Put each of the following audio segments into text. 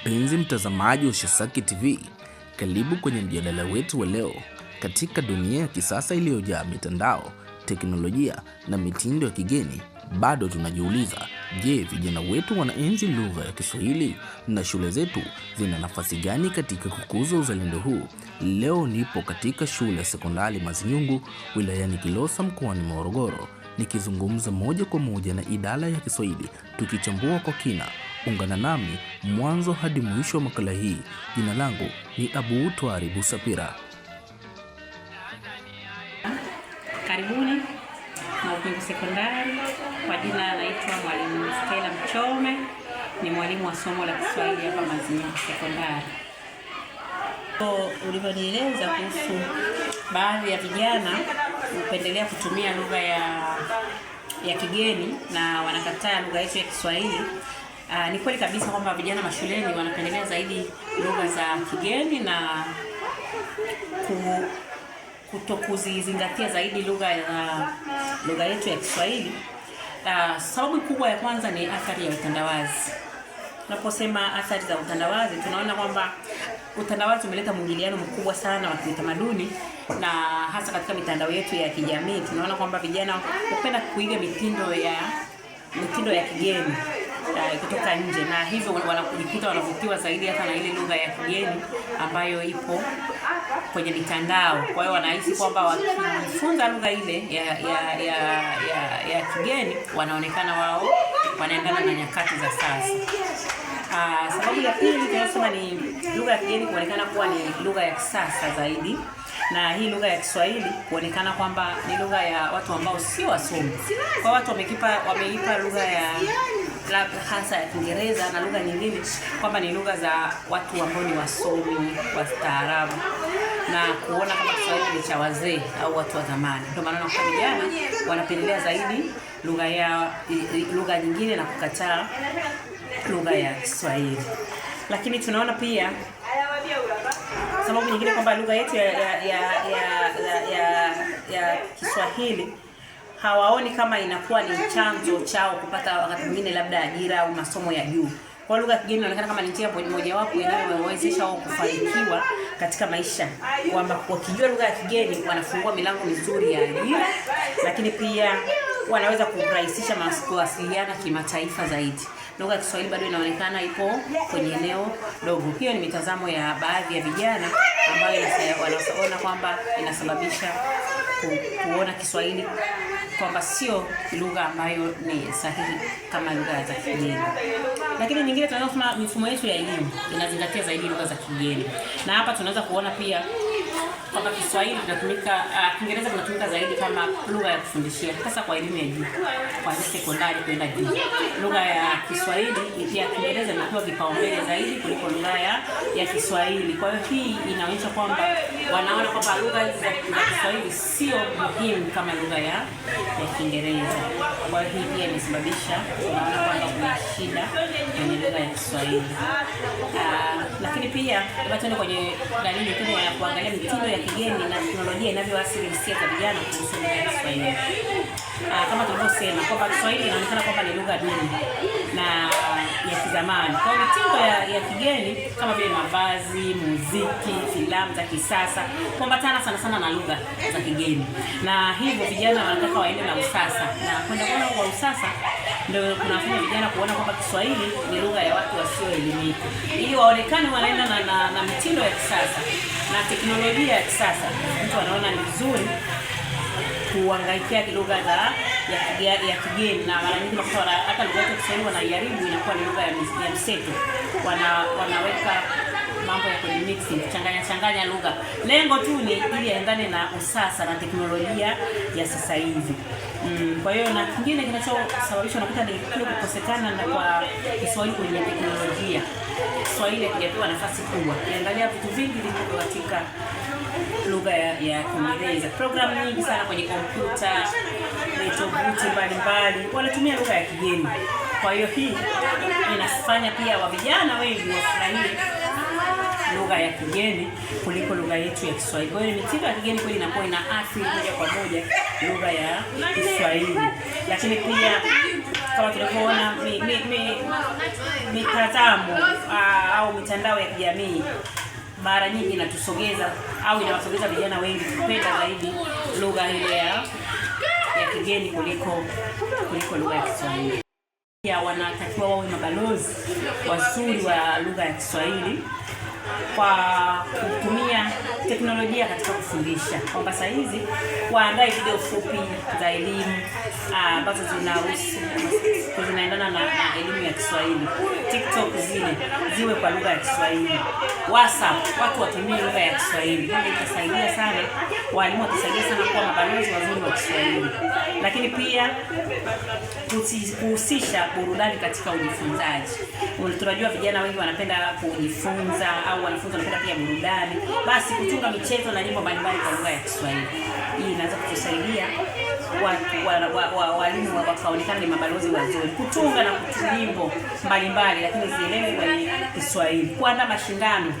Mpenzi mtazamaji wa shasaki TV, karibu kwenye mjadala wetu wa leo. Katika dunia ya kisasa iliyojaa mitandao, teknolojia na mitindo ya kigeni, bado tunajiuliza, je, vijana wetu wanaenzi lugha ya Kiswahili na shule zetu zina nafasi gani katika kukuza uzalendo huu? Leo nipo katika shule ya sekondari Mazinyungu wilayani Kilosa mkoani Morogoro, nikizungumza moja kwa moja na idara ya Kiswahili, tukichambua kwa kina Ungana nami mwanzo hadi mwisho wa makala hii. Jina langu ni Abu Twari Busapira. Karibuni Makungu Sekondari. Kwa jina anaitwa Mwalimu stela Mchome, ni mwalimu wa somo la Kiswahili hapa Mazingira Sekondari. So, ulivyonieleza kuhusu baadhi ya vijana hupendelea kutumia lugha ya ya kigeni na wanakataa lugha yetu ya Kiswahili Uh, ni kweli kabisa kwamba vijana mashuleni wanapendelea zaidi lugha za kigeni na ku, kutokuzizingatia zaidi lugha ya lugha yetu ya Kiswahili. Uh, sababu kubwa ya kwanza ni athari ya utandawazi. Tunaposema athari za utandawazi, tunaona kwamba utandawazi umeleta mwingiliano mkubwa sana wa kiutamaduni na hasa katika mitandao yetu ya kijamii tunaona kwamba vijana hupenda kuiga mitindo ya mitindo ya kigeni uh, kutoka nje, na hivyo wanajikuta wanavutiwa zaidi hata na ile lugha ya kigeni ambayo ipo kwenye mitandao. Kwa hiyo wanahisi kwamba wakifunza lugha ile ya ya ya, ya, ya kigeni wanaonekana wao wanaendana na nyakati za sasa. Uh, sababu ya pili tunasema ni lugha ya kigeni kuonekana kuwa ni lugha ya kisasa zaidi na hii lugha ya Kiswahili kuonekana kwamba ni lugha ya watu ambao si wasomi. Kwa watu wamekipa wameipa lugha ya labda hasa ya Kiingereza na lugha nyingine, kwamba ni lugha za watu ambao ni wasomi wastaarabu, na kuona kama Kiswahili ni cha wazee au watu wa zamani. Ndio maana nakuta vijana wanapendelea zaidi lugha ya lugha nyingine na kukataa lugha ya Kiswahili, lakini tunaona pia sababu nyingine kwamba lugha yetu ya, ya, ya, ya, ya, ya, ya Kiswahili hawaoni kama inakuwa ni chanzo chao kupata wakati mwingine labda ajira au masomo ya juu. Kwa lugha kigeni inaonekana kama ni njia moja wapo inayowawezesha wao kufanikiwa katika maisha, kwamba wakijua lugha ya kigeni wanafungua milango mizuri ya ajira, lakini pia wanaweza kurahisisha kuwasiliana kimataifa zaidi. Lugha ya Kiswahili bado inaonekana ipo kwenye eneo dogo. Hiyo ni mitazamo ya baadhi ya vijana ambayo wanaona kwamba inasababisha ku, kuona Kiswahili kwamba sio lugha ambayo ni sahihi kama lugha za kigeni. Lakini nyingine tunaona mifumo yetu ya elimu inazingatia zaidi lugha za kigeni, na hapa tunaweza kuona pia kama Kiswahili kinatumika, ah, Kiingereza uh, kinatumika zaidi kama lugha ya kufundishia, hasa kwa elimu ya juu, kwa sekondari kwenda juu. Lugha ya Kiswahili pia Kiingereza inapewa kipaumbele zaidi kuliko lugha ya ya Kiswahili. Kwa hiyo hii inaonyesha kwamba wanaona kwamba lugha za Kiswahili sio muhimu kama lugha ya ya Kiingereza. Kwa hiyo hii pia imesababisha unaona kwamba kuna shida kwenye lugha ya Kiswahili. Uh, lakini pia labda tuende kwenye dalili kubwa ya kuangalia mitindo ya kigeni na teknolojia inavyoathiri hisia za vijana kuhusu lugha ya Kiswahili. Ah, Kama tulivyosema kwamba Kiswahili inaonekana kwamba ni lugha duni na ya kizamani. Kwa mitindo ya, ya kigeni kama vile mavazi, muziki, filamu za kisasa kuambatana sana sana na lugha za kigeni, na hivyo vijana wanataka waende na usasa na kwenda kuona kwa usasa ndio kunafanya vijana kuona kwamba Kiswahili ni lugha ya watu wasioelimika, ili waonekane wanaenda na, na, na mitindo ya kisasa na teknolojia ya kisasa, mtu anaona ni vizuri kuangaikia lugha ya kigeni, na mara nyingi hata lugha ya Kiswahili wanaiharibu, inakuwa ni lugha ya mseto, wanaweka mambo ya kwenye mixing, changanya changanya lugha, lengo tu ni ili aendane na usasa na teknolojia ya sasa hivi. Mm, kwa hiyo na kingine kinachosababisha unakuta ni kile kukosekana na kwa Kiswahili kwenye teknolojia, Kiswahili kijapewa nafasi kubwa. Kiangalia vitu vingi vilivyo katika lugha ya, ya Kiingereza. Program nyingi sana kwenye kompyuta, tovuti mbalimbali wanatumia lugha ya kigeni. Kwa hiyo hii inafanya pia wa vijana wengi ya kigeni kuliko lugha yetu ya Kiswahili. Kwa hiyo mitindo ya kigeni kweli inakuwa ina athiri moja kwa moja lugha ya Kiswahili, lakini pia kama tunavyoona mitazamo au mitandao ya kijamii mara nyingi inatusogeza au inawasogeza vijana wengi kupenda zaidi lugha hiyo ya ya kigeni kuliko kuliko lugha ya Kiswahili. Wanatakiwa wawe mabalozi wazuri wa lugha ya Kiswahili kwa kutumia teknolojia katika kufundisha, kwamba saa hizi waandae video fupi za elimu ah, ambazo zinahusu zinaendana na, na elimu ya Kiswahili. TikTok zile ziwe kwa lugha ya Kiswahili, WhatsApp watu watumie lugha ya Kiswahili. Hii itasaidia sana walimu watusaidia sana kuwa mabalozi wazuri wa Kiswahili, lakini pia kuhusisha burudani katika ujifunzaji. Tunajua vijana wengi wanapenda kujifunza au wanafunzi wanapenda pia burudani, basi kutunga michezo na nyimbo mbalimbali kwa lugha ya Kiswahili, hii inaweza kutusaidia walimu wakaonekana ni mabalozi wazuri, kutunga na nyimbo mbalimbali, lakini zielewe kwa Kiswahili, kuandaa mashindano,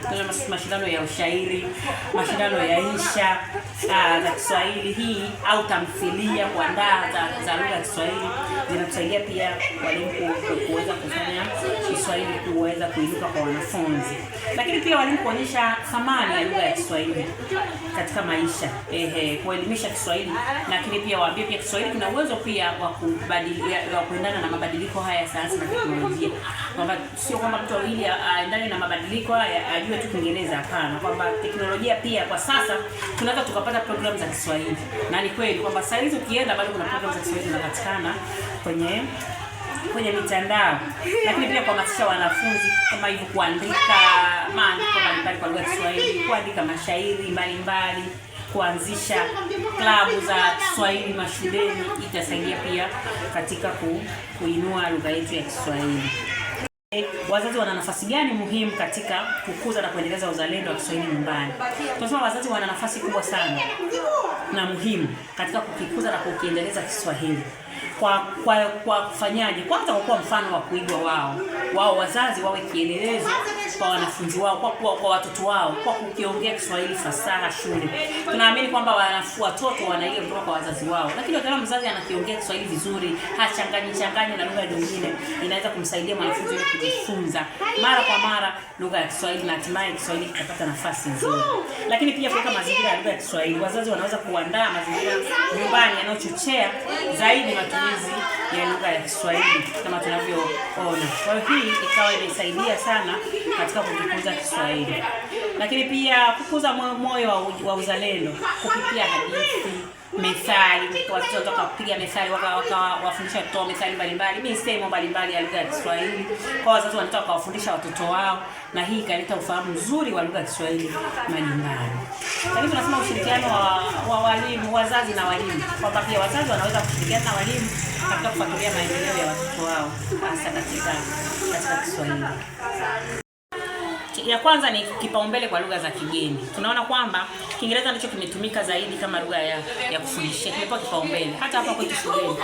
mashindano ya ushairi, mashindano ya insha za ah, Kiswahili hii au tamthilia kuandaa za, za lugha ya Kiswahili zinatusaidia pia walimu kuweza kufanya Kiswahili kuweza kuinuka kwa wanafunzi, lakini pia walimu kuonyesha thamani ya lugha ya Kiswahili katika maisha, ehe, kuelimisha Kiswahili, lakini pia waambie pia Kiswahili kuna uwezo pia wa kubadilika, wa kuendana na mabadiliko haya ya sayansi na teknolojia, kwamba sio kwamba mtu awili aendane na mabadiliko haya ajue tu Kiingereza, hapana, kwamba teknolojia pia kwa sasa tunaweza tuka wapata programu za Kiswahili, na ni kweli kwamba saa hizi ukienda bado kuna programu za Kiswahili zinapatikana kwenye kwenye mitandao, lakini pia kuhamasisha wanafunzi kama hivyo, kuandika maandiko mbalimbali kwa lugha ya Kiswahili, kuandika mashairi mbalimbali, kuanzisha klabu za Kiswahili mashuleni itasaidia pia katika ku, kuinua lugha yetu ya Kiswahili wazazi wana nafasi gani muhimu katika kukuza na kuendeleza uzalendo wa Kiswahili nyumbani? Tunasema wazazi wana nafasi kubwa sana na muhimu katika kukikuza na kukiendeleza Kiswahili kwa kwa kwa kufanyaje? Kwanza kwa kuwa mfano wa kuigwa wao, wao wazazi wawe kielelezo kwa wanafunzi wao, kwa kuwa kwa watoto wao, kwa kukiongea Kiswahili fasaha shule. Tunaamini kwamba wanafu watoto wanaiga kutoka kwa wazazi wao, lakini wakati mzazi anakiongea Kiswahili vizuri, hachanganyi changanyi na lugha nyingine, inaweza kumsaidia mwanafunzi yule kujifunza mara kwa mara lugha ya Kiswahili na hatimaye Kiswahili kitapata nafasi nzuri. Lakini pia kuweka mazingira ya lugha ya Kiswahili, wazazi wanaweza kuandaa mazingira nyumbani yanayochochea zaidi matumizi matumizi ya lugha ya Kiswahili kama tunavyoona. Kwa hiyo hii ikawa imesaidia sana katika kujifunza Kiswahili, lakini pia kukuza moyo wa, wa uzalendo kupitia hadithi, methali. Watoto watoka kupiga methali, wakawafundisha watoto methali mbalimbali, misemo mbalimbali ya lugha ya Kiswahili, kwa wazazi wanataka wakawafundisha watoto wao, na hii ikaleta ufahamu mzuri wa lugha ya Kiswahili majumbani. Lakini tunasema ushirikiano wa, wa walimu, wazazi na walimu, kwamba pia wazazi wanaweza kushirikiana na walimu katika kufuatilia maendeleo ya watoto wao hasa katika katika Kiswahili ya kwanza ni kipaumbele kwa lugha za kigeni. Tunaona kwamba Kiingereza ndicho kimetumika zaidi kama lugha ya, ya kufundishia, kimepewa kipaumbele. Hata hapa kwetu shuleni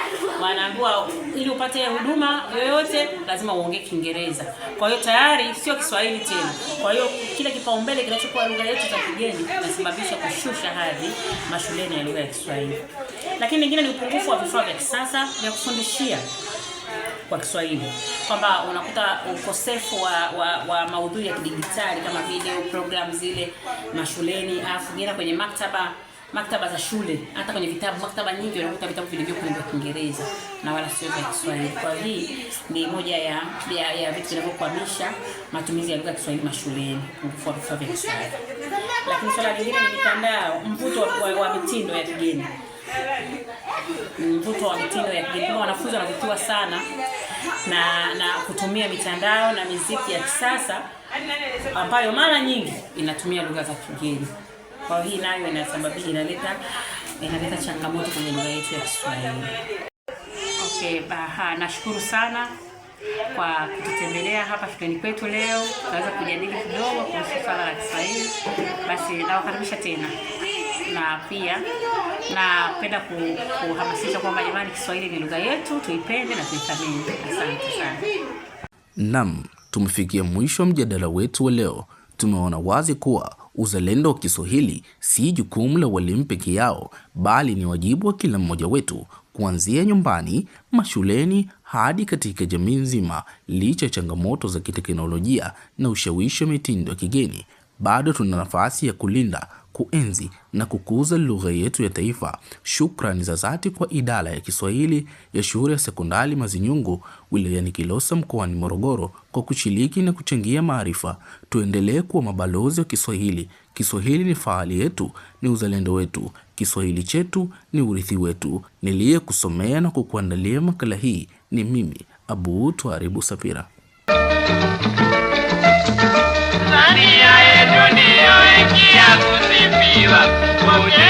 wanaambiwa ili upate huduma yoyote lazima uongee Kiingereza. Kwa hiyo tayari sio Kiswahili tena. Kwa hiyo kile kipaumbele kinachokuwa lugha yetu za kigeni kinasababisha kushusha hadhi mashuleni ya lugha ya Kiswahili. Lakini nyingine ni upungufu wa vifaa vya kisasa vya kufundishia kwa Kiswahili, kwamba unakuta ukosefu wa, wa, wa maudhui ya kidijitali kama video program zile mashuleni, afu ngine kwenye maktaba maktaba za shule, hata kwenye vitabu, maktaba nyingi unakuta vitabu vilivyo vilivyopo vya Kiingereza na wala sio vya Kiswahili. Kwa hii ni moja ya ya, ya vitu vinavyokwamisha matumizi ya lugha ya Kiswahili mashuleni, upungufu wa vifaa vya Kiswahili. Lakini swala lingine ni mitandao, mvuto wa, wa mitindo ya kigeni mvuto wa mitindo ya kigeni. Wanafunzi wanavutiwa sana na na kutumia mitandao na miziki ya kisasa ambayo mara nyingi inatumia lugha za kigeni. Kwa hiyo hii nayo inasababisha, inaleta inaleta changamoto kwenye lugha yetu ya Kiswahili. Okay, baha, nashukuru sana kwa kututembelea hapa shuleni kwetu leo, tunaweza kujadili kidogo kuhusu swala la Kiswahili. Basi nawakaribisha tena na pia napenda kuhamasisha kwamba jamani, Kiswahili ni lugha yetu, tuipende na tuithamini. Asante sana. Naam, tumefikia mwisho wa mjadala wetu wa leo. Tumeona wazi kuwa uzalendo wa Kiswahili si jukumu la walimu peke yao, bali ni wajibu wa kila mmoja wetu kuanzia nyumbani, mashuleni hadi katika jamii nzima, licha ya changamoto za kiteknolojia na ushawishi wa mitindo ya kigeni bado tuna nafasi ya kulinda, kuenzi na kukuza lugha yetu ya taifa. Shukrani za zati kwa Idara ya Kiswahili ya Shule ya Sekondari Mazinyungu wilayani Kilosa mkoani Morogoro kwa kushiriki na kuchangia maarifa. Tuendelee kuwa mabalozi wa Kiswahili. Kiswahili ni faali yetu, ni uzalendo wetu. Kiswahili chetu ni urithi wetu. Niliyekusomea na kukuandalia makala hii ni mimi Abu Twaribu Sapira. up. Come on,